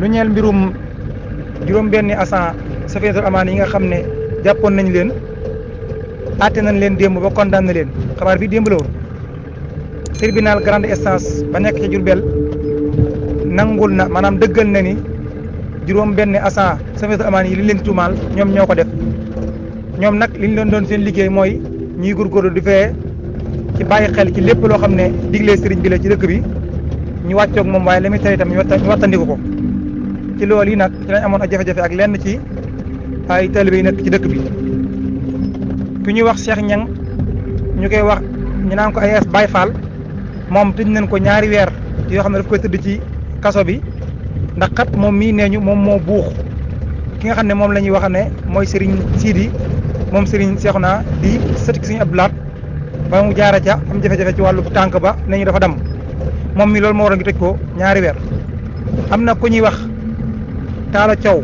lu ñeel mbirum juróom-benni agent safiinatul amaan yi nga xam ne jàppoon nañ leen àtte nañ leen démb ba condamné leen xabaar bi démb la grande instance ba nekk ci Jurbel nangul na maanaam dëggal na ni juróom-benni agent safiinatul amaan yi li leen tuumaal ñoom ñoo ko def ñoom nag liñ ñu leen doon seen liggéey mooy ñuy góorgóorlu di fee ci bàyyi xel ci lépp loo xam ne digle sëriñ bi la ci dëkk bi ñu wàccoog moom waaye li muy tere itam ñu wattandiku ko ci loolu yi nag ci lañ amoon ak jafe-jafe ak lenn ci ay taalibe yi nekk ci dëkk bi ku ñuy wax Cheikh Ñang ñu koy wax ñu naan ko ay bay Fall moom tëj nañ ko ñaari weer yoo xam ne daf koy tëdd ci kaso bi ndax kat moom mii nee ñu moom moo buux ki nga xam ne moom la ñuy wax ne mooy Serigne Sidi moom sëriñ Serigne Cheikhouna di sëti Serigne Abdou ba mu jaara ca am jafe-jafe ci wàllu tànk ba ne ñu dafa damm moom mi loolu moo waral ñu tëj ko ñaari weer am na ku ñuy wax Talla Thiaw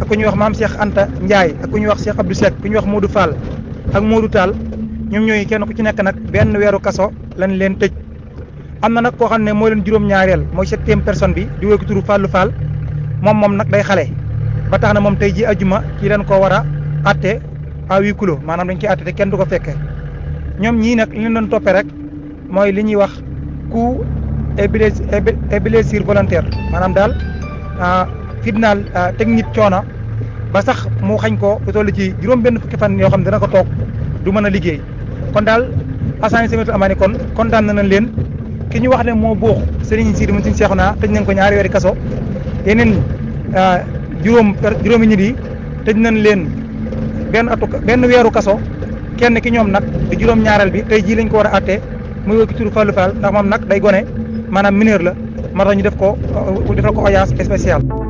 ak ku ñuy wax maam Cheikh Anta Ndiaye ak ku ñuy wax Cheikh Abdou Seck ku ñuy wax Modou Fall ak Modou Tall ñoom ñooy kenn ku ci nekk nag benn weeru kaso lañ leen tëj am na nag koo xam ne mooy leen juróom-ñaareel mooy septième personne bi di wéy ko turu Fallou Fall moom moom nag day xale ba tax na moom tey ji ajuma ci leen ko war a atte à huis maanaam dañ koy atte te kenn du ko fekke ñoom ñii nag li ñu doon toppee rek mooy li ñuy wax coup et blessure volontaire maanaam daal fitnaal ah, ah, teg nit coona ba sax mu xañ ko toll ci juróom benn fukki fan yoo xam ne dana ko toog du mën a liggéey kon daal assaini samitu amaani kon kontaan na nañ leen ki ñu wax ne moo buux sëriñ si di mun seexu naa tëj nañ ko ñaari weeri kaso yeneen ah, juróom juróomi nit yi tëj nañ leen benn atu benn weeru kaso kenn ki ñoom nag di juróom-ñaareel bi tey jii lañ ko war a attee muy wéy ki turu Fallou Fall ndax moom nag day gone maanaam mineur la moo tax ñu def ko defal ko audience spéciale